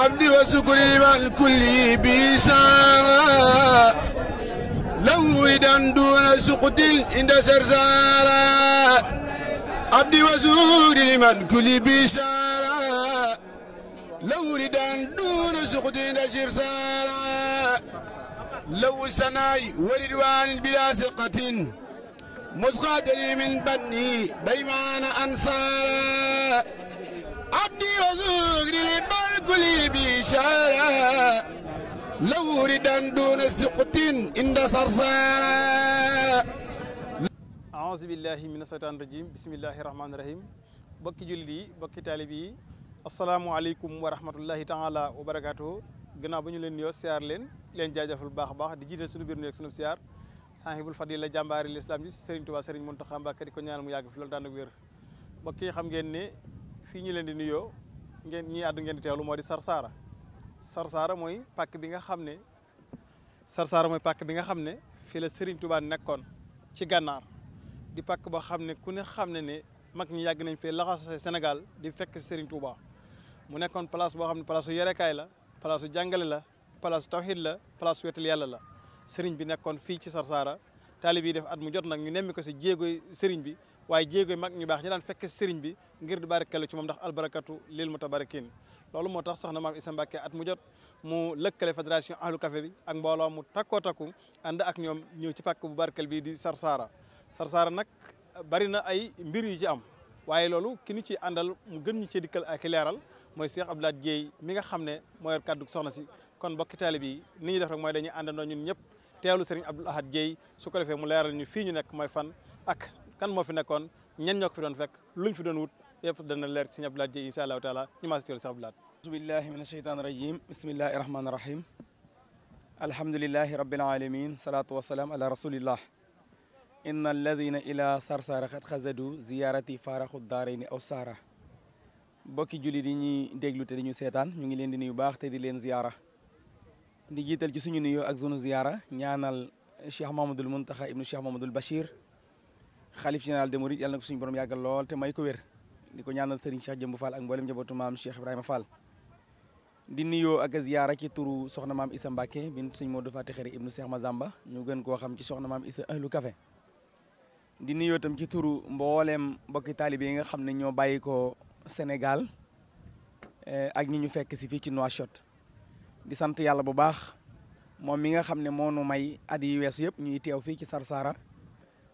الحمد وشكري مع الكل بيسارا لو إذن دون سقط عند سرسارا عبد وشكري مع الكل بيسارا لو إذن دون سقط عند سرسارا لو سناي وردوان بلا سقط مسقط لي من بني بيمان أنصارا عبدي وزور la بإشارة لو ردا دون سقط عند صرصار أعوذ بالله من الشيطان الرجيم بسم الله الرحمن الرحيم bokki jullit yi bokki taalib yi asalaamualeykum wa rahmatullahi taala wa barakaatu gannaaw ba ñu leen nuyoo siyaar leen leen jaajëfal bu baax baax di jiital suñu biir nuyoog suñu siyaar saahibul fadila jàmbaari lislaam ji Serigne Touba Serigne Mountakha Mbacké di ko ñaanal mu yàgg fi loolu daan ak wér bokki xam ngeen ne fii ñu leen di nuyoo ngeen ñii àddu ngeen di teewlu moo di Sarsara Sarsara mooy pàkk bi nga xam ne Sarsara mooy pàkk bi nga xam ne fii la Serigne Touba nekkoon ci gànnaar di pàkk boo xam ne ku ne xam ne ne mag ñi yàgg nañ fee laxas Sénégal di fekk Serigne Touba mu nekkoon place boo xam ne place su yorekaay la place jàngale la place su la place su yàlla la Serigne bi nekkoon fii ci Sarsara taalib yi def at mu jot nag ñu nemmi ko si jéegoy Serigne bi waaye jéegoy mag ñu baax ñi daan fekk Serigne bi. ngir di barkeelu ci moom ndax albarakatu lil mutabarikin loolu moo tax soxna maam Issa Mbacke at mu jot mu lëkkale fédération ahlu café bi ak mbooloo mu takkoo takku ànd ak ñoom ñëw ci pàkk bu barkeel bii di Sarsara Sarsara nag bari na ay mbir yu ci am waaye loolu ki ñu ci àndal mu gën ñu ci dikkal ak leeral mooy Cheikh Abdoulaye Dieye mi nga xam ne mooy yor kàddu soxna si kon bokki taalibe yi ni ñuy def rek mooy dañuy àndandoo ñun ñëpp teewlu Serigne Abdoul Ahad Dieye su ko defee mu leeral ñu fii ñu nekk mooy fan ak kan moo fi nekkoon ñen ñoo ko doon fekk luñ fi doon wut yëpp dana leer ci ñab laat ji incha allahu taala ñu maas ci sax bilaat asubillahi min asheytaan rajim bismillahi rahmaani rahim alhamdulilahi rabbil alamin salaatu wasalaam ala rasulillah inna alladina ila sarsara xat xazadu ziyarati faaraxu daarayni aw saara bokki jullit yi ñuy déglu te di ñu seetaan ñu ngi leen di nuyu baax te di leen ziyaara di jiital ci suñu nuyoo ak sunu ziyaara ñaanal cheikh mahamadul muntaxa ibnu cheikh mahamadul bachir xalif général suñu borom yàggal lool te may di ko ñaanal Serigne Cheikh Jëmb Fall ak mboolem njabootu maam Cheikh Ibrahima Fall. di nuyoo ak ziyaara ci turu soxna maam Issa Mbacke bint Serigne Modou Fati Xari ibnu ma Mazamba ñu gën koo xam ci soxna maam Issa ahlu café di nuyoo itam ci turu mbooleem mbokki taalibe yi nga xam ne ñoo bàyyi ko Sénégal eh, ak ñi ñu fekk si fii ci Nouakchott di sant yàlla bu baax moom mi nga xam ne moo nu may at yi weesu yëpp ñuy teew fii ci Sarsara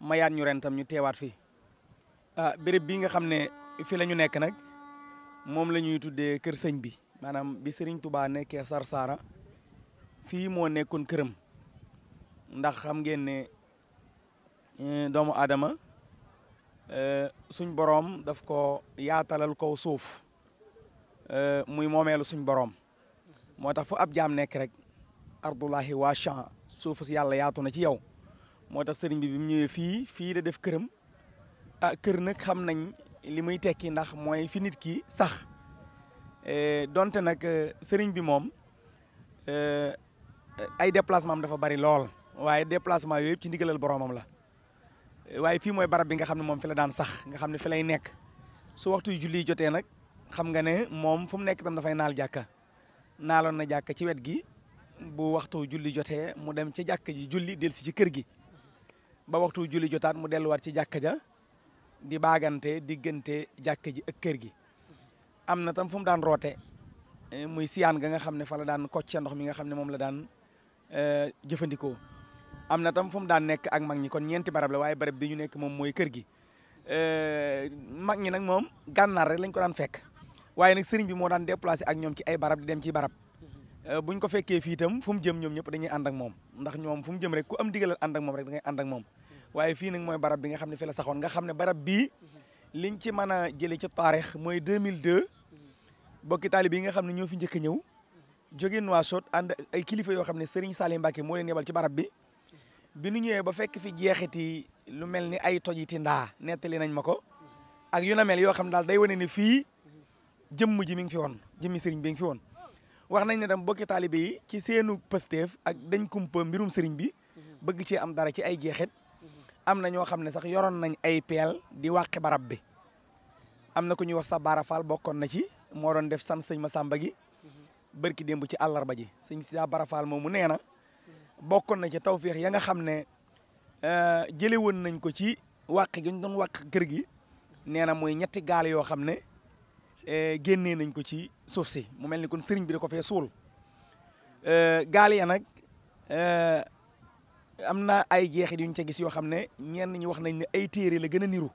mayaat ñu ren tam ñu teewaat fii ah, fi la ñu nekk nag moom la ñuy tuddee kër sëñ bi maanaam bi Serigne Touba nekkee Sarsara fii moo nekkoon këram ndax xam ngeen ne eh, doomu aadama eh, suñ boroom daf ko yaatalal kow suuf eh, muy moomeelu suñ boroom moo tax fu ab jaam nekk rek ardullahi waa champ suuf si yàlla yaatu na ci yow moo tax sëriñ bi bi mu ñëwee fii fii da def këram ah kër nag xam nañ li muy tekki ndax mooy fi nit ki sax e, donte nag e, sëriñ bi moom e, ay déplacement dafa bari lool waaye déplacement yooyu yëpp ci ndigalal boromam la waaye fii mooy barab bi nga xam ne moom fi la daan sax nga xam ne fi lay nekk su waxtu julli jotee nag xam nga ne moom fu mu nekk tam dafay naal jàkka naaloon na jàkka ci wet gi bu waxtu julli jotee mu dem ci jàkka ji julli dellu si ci kër gi ba waxtu julli jotaat mu delluwaat ci jàkka ja di baagante diggante jàkka ji ak kër gi am na tam fu mu daan roote eh, muy siyaan ga nga xam ne fa la daan kocca ndox mi nga xam ne moom la daan eh, jëfandikoo am na tam fu mu daan nekk ak mag ñi kon ñeenti barab la waaye barab bi ñu nekk moom mooy kër gi eh, mag ñi nag moom gànnaar rek lañ ko daan fekk waaye nag sëriñ bi moo daan déplacé ak ñoom ci ay barab di dem ci barab buñ ko fekkee fii itam fu jëm ñoom ñëpp dañuy ànd ak moom ndax ñoom fu mu jëm rek ku am digalal ànd ak moom rek da ngay ànd ak moom waaye fii nag mooy barab bi nga xam ne fi la saxoon nga xam ne barab bii liñ ci mën a jëlee ci taarix mooy mille 2002 bokki taalibe yi nga xam ne ñoo fi njëkk ñëw ñëw jóge Nouakchott ànd ay kilifa yoo xam ne Serigne Salim Mbacké moo leen yebal ci barab bi bi nu ñëwee ba fekk fi jeexiti lu mel ni ay tojiti ndaa nettali nañ ma ko ak yu na mel yoo xam daal day wane ne fii jëmm ji mi ngi fi woon jëmmi Serigne bi ngi fi woon. wax nañ ne tam bokki taalibe yi ci seenu pësteef ak dañ kumpa mbirum Serigne bi bëgg cee am dara ci ay jeexit am na ñoo xam ne sax yoroon nañ ay peel di wàqe barab bi am na ku ñuy wax sa Bara bokkoon na ci moo doon def san sëñ ma sàmba gi bërki démb ci àllarba ji sëñ sa Bara Fall moomu nee na bokkoon na ci tawféex ya nga xam ne euh, jële woon nañ ko ci wàq gi ñu doon wàq gi nee na mooy ñetti gaal yoo xam ne euh, génnee nañ ko ci suuf si mu mel ni kon sëriñ bi da ko fee suul euh, gaal ya nag am na ay jeexit yu ñu ca gis yoo xam ne ñenn ñi wax nañ ne ay téere la gën a niru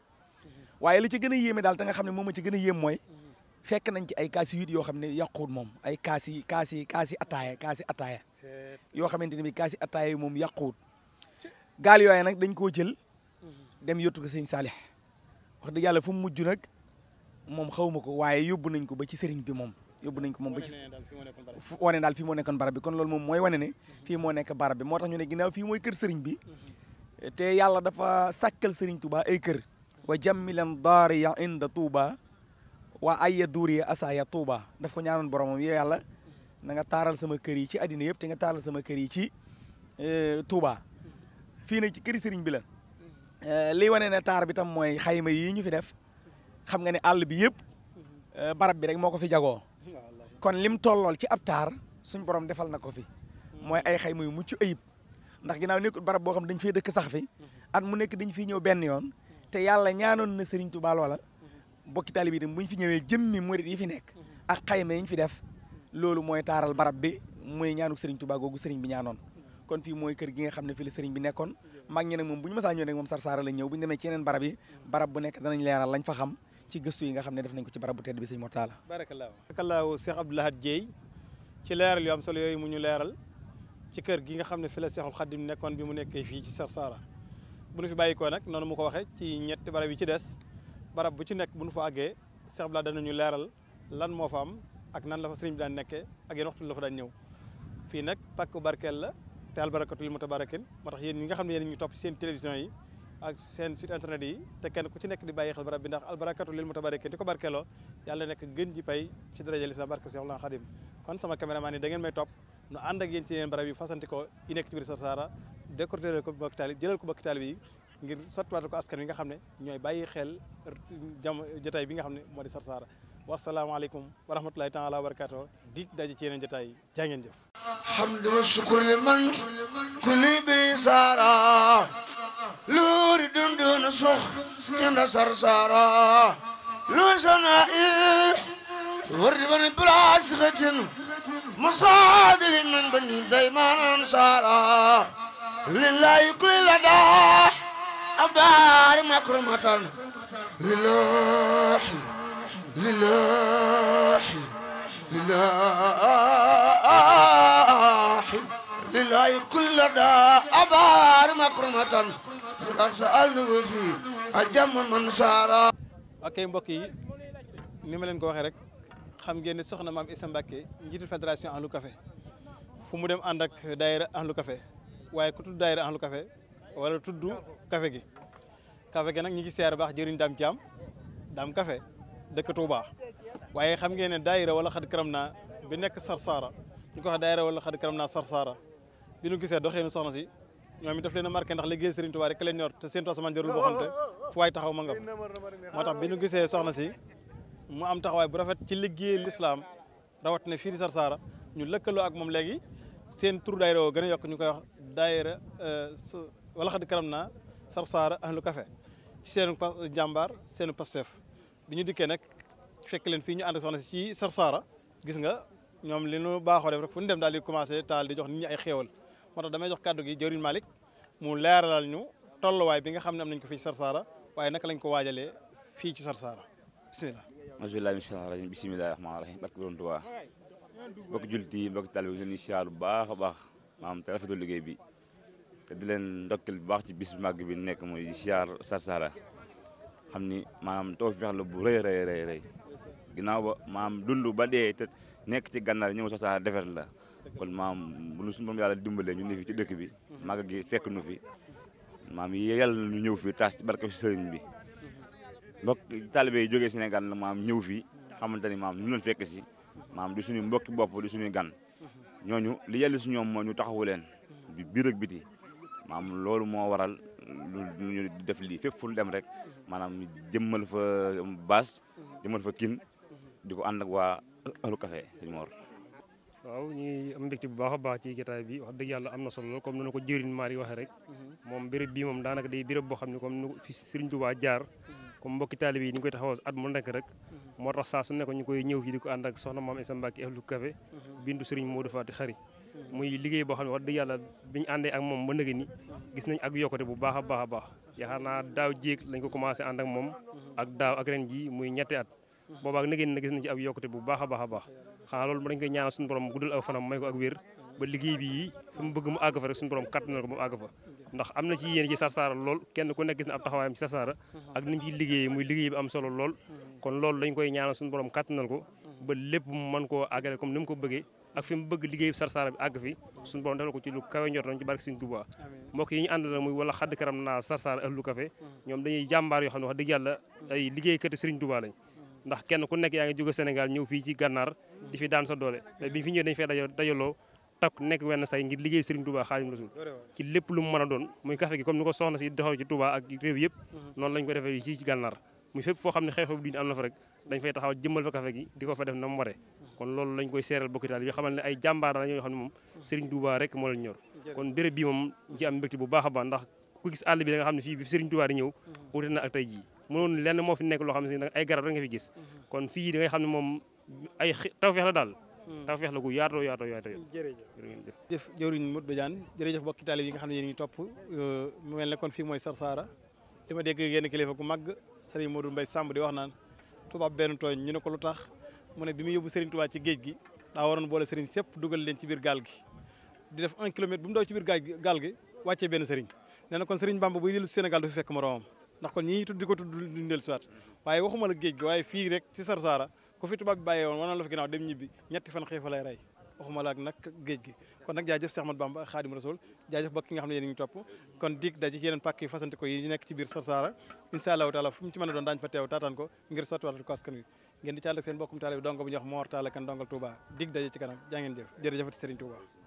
waaye li ci gën a yéeme daal te nga xam ne moom a ci gën a yéem mooy fekk nañ ci ay kaasi huit yoo xam ne yàquwut moom ay kaasi kaasi kaasi ataaya kaasi ataaya yoo xamante ne bi kaasi ataaya yi moom yàquwut gaal yooy nag dañ koo jël dem yottu ko sëñ Saalix wax dëgg yàlla fu mu mujj nag moom xaw ko waaye yóbbu nañ ko ba ci sëriñ bi moom yóbbu nañ ko moom ba ci wane daal fii moo bi kon loolu moom mooy wane ne fii moo nekk barab bi moo tax ñu ne ginnaaw fii mooy kër sëriñ bi mhm. te yàlla dafa sakkal sëriñ Touba ay kër wa jammilan daariya inda Touba waa ayya duuriya asaaya Touba daf ko ñaanoon boromam yow yàlla mhm. na taaral sama kër yi ci àddina yëpp te nga taaral sama kër yi ci e, Touba mhm. fii nag ci këri sëriñ bi la e, li wane na taar bi tam mooy xayma yii ñu fi def xam nga ne àll bi yëpp e, barab bi rek moo ko fi jagoo kon lim tollool ci ab taar suñ borom defal na ko fi mooy ay xayma yu mucc ayib ndax ginnaaw nekkul barab boo xam dañ fee dëkk sax fi at mu nekk dañ fiy ñëw benn yoon te yàlla ñaanoon na Serigne Touba loola bokki taalibe yi tam buñ fi ñëwee jëmmi murit yi fi nekk ak xayma yi ñu fi def loolu mooy taaral barab bi mooy ñaanu Serigne Touba googu Serigne bi ñaanoon kon fii mooy kër gi nga xam ne fii la Serigne bi nekkoon mag ñi moom bu ñu mësaa ñëw nag moom Sarsara ñëw bu ñu demee ci yeneen bu nekk danañ leeral lañ fa xam ci gëstu yi nga xam ne def nañ ko ci bu tedd bi sëñ Mortalla barakallaahu barakallaahu Cheikh Abdou Lahad Dieye ci leeral yu am solo yooyu mu ñu leeral ci kër gi nga xam ne fi la Seexul Xadim nekkoon bi mu nekkee fii ci Sarsara bu nu fi bàyyikoo nag noonu mu ko waxee ci ñetti barab yi ci des barab bu ci nekk bu nu fa àggee Cheikh Abdou Lahad ñu leeral lan moo fa am ak nan la fa sëriñ bi daan nekkee ak yéen waxtu la fa daan ñëw fii nag pàkk barkeel la te albarakatul mutabaarakin moo tax yéen ñi nga xam ne yéen ñu topp seen télévision yi ak seen site internet yi te kenn ku ci nekk di bàyyi xel barab bi ndax albarakatu lil mutabarikin di ko barkeeloo yàlla nekk gën ji pay ci daraja lislaam barke Seexul Xadim kon sama caméraman yi da ngeen may topp nu ànd ak yéen ci yeneen barab yi fasanti ko yi nekk ci biir Sarsara décorté ko bokk taalib jëlal ko bokk taalib yi ngir sottiwaat ko askan wi nga xam ne ñooy bàyyi xel jam jotaay bi nga xam ne moo di Sarsara wasalaamaaleykum wa rahmatulahi taala luuri dundunu sux tinda sarsara luusana i wardi bani bilasixatin musaadili min bani daymanan sara lillahi kulla da abari makrumatan lillahi lillahi lillahi لله كل داء أبار مكرمة قد سألنه في أجم من سارا ok mbokk yi ni ma leen ko waxee rek xam ngeen ne soxna maam Issa Mbacké njiitul fédération Ahlou Café fu mu dem ànd ak daayira Ahlou Café waaye ku tudd daayira Ahlou Café wala tudd kafe gi café gi nag ñi ngi seer baax jëriñ daam jaam daam café dëkk Touba waaye xam ngeen ne daayira wala xad karam naa bi nekk Sarsara ñu ko wax daayira wala xad karam naa bi nu gisee doxeenu soxna si ñoom it daf leen a marqué ndax liggéey Serigne Touba rek ka leen ñor te seen tasamaan jarul boxante fu waay taxaw ma nga moo tax bi nu gisee soxna si mu am taxawaay bu rafet ci liggéey lislaam rawat ne fii di Sarsara ñu lëkkaloo ak moom léegi seen tur daayira woo gën a yokk ñu koy wax daayira euh, wala xad karam naa Sarsara ahlu café ci seen jàmbaar seen pastef bi ñu dikkee nag fekk leen fii ñu ànd soxna si ci Sarsara gis nga ñoom li nu baaxoo def rek dem daal di commencé taal di jox nit ñi ay xéewal moo tax damay jox kàddu gi jëriñ Malick mu leeralal ñu tolluwaay bi nga xam ne am nañ ko fii ci Sarsara waaye naka lañ ko waajalee fii ci Sarsara bisimilah bisimilah bisimilah rahim bisimilah rahmaani rahim barke borom Tuubaa bokk jullit yi bokk taalibe bi leen siyaar bu baax a baax maanaam te rafetlu liggéey bi te di leen ndokkel bu baax ci bis bu màgg bi nekk mooy siyaar Sarsara xam ni maanaam tawfeex la bu rëy rëy rëy rëy ginnaaw ba maanaam dund ba dee te nekk ci gànnaar ñëw Sarsara defar la kon maam bu suñu borom yàlla dimbalee ñu ne fi ci dëkk bi màgg gi fekk nu fi maam yàlla na ñu ñëw fi taas ci barke sëriñ bi mbokk taalibe yi jógee Sénégal maam ñëw fi xamante ni maam ñu leen fekk si maam di suñu mbokki bopp di suñuy gan ñooñu li yàlla si ñoom moo ñu taxawu leen bi biir ak biti maam loolu moo waral ñu def lii fépp fu ñu dem rek maanaam jëmmal fa baas jëmmal fa kin di ko ànd ak waa ëllu café sëñ Mor waaw ñu ngi am mbégte bu baax a baax ci jotaay bi wax dëgg yàlla am na solo mm-hmm. comme ni ko jëriñ Malick waxee rek. Mm-hmm. koy mm-hmm. taxawoo at ak moom ba nëgë ni gis nañ ak a baax a baax yaakaar naa daaw jéeg lañ ko commencé ànd ak moom. ji muy ñetti at. boobaak nëgë ni gis nañ ak yokkute bu baax a baax xanaa loolu dañ koy ñaanal suñu borom guddal aw fanam may ko ak wér ba liggéey bi fu mu bëgg mu àgg fa rek suñu borom kattanal ko ba mu àgg fa ndax am na ci yéen ci sarsaara lool kenn ku nekk gis na ab taxawaayam ci sarsaara ak niñ ciy liggéeyee muy liggéey bi am solo lool kon loolu dañ koy ñaanal suñu borom kattanal ko ba lépp mu mën koo àggale comme ni mu ko bëggee ak fi mu bëgg yaa ngi jóge Sénégal ñëw fii ci gànnaar di fi daan sa doole te bi fi ñëwee dañu fee dajo dajaloo takk nekk wenn say ngir liggéey Serigne Touba Xaadimu Rasuul ci lépp lu mu a doon muy café gi comme ni ko soxna si doxee ci Touba mhm. rek dañ mhm. loolu lañ koy seeral bokki taal mhm. bi a nga xam ne fii bi Serigne Touba di ñëw wute na ak tey jii mënoon lenn moo fi nekk loo xam ne ay garab rek nga fi gis kon fii da xam ne moom ay tawfeex la daal. Hmm. tawfeex la gu yaatoo yaatoo yaatoo. jërëjëf jëf jëwriñ Modou Badiane jërëjëf mbokki taalib yi nga xam ne yéen ngi topp euh, mu mel ne kon fii mooy Sarsara li ma dégg yenn kilifa gu mag Serigne Modou Mbaye Samb di wax naan tubaab benn tooñ ñu ne ko lu tax mu ne bi mu yóbbu Serigne Touba ci géej gi daa waroon boole Serigne sépp dugal leen ci biir gaal gi di def un kilomètre bu mu daw ci biir gaal gi wàccee benn Serigne nee na kon Serigne Bamba buy dellu Sénégal du fi fekk moroomam ndax kon ñi tudd di ko tudd duñ dellu siwaat waaye waxuma la géej gi waaye fii rek ci Sarsara ku fi tubaab bi bàyyee woon wana la fi ginnaaw dem ñibbi ñetti fan xiifa lay rey waxuma laak nag géej gi kon nag jaajëf Seex Ahmadu Bamba Xaadim Rasul jaajëf ba ki nga xam ne yéen topp kon dig daje yeneen pàkk yi ko yi nekk ci biir Sarsara insha taala fu mu ci a doon daañu fa teew taataan ko ngir sottiwaat ko askan wi ngeen di ci àll seen bokkum taale bi dongo bu ñu wax Moor Taala Kan dongal Touba dig daje ci kanam jaa ngeen jëf jërëjëfati Serigne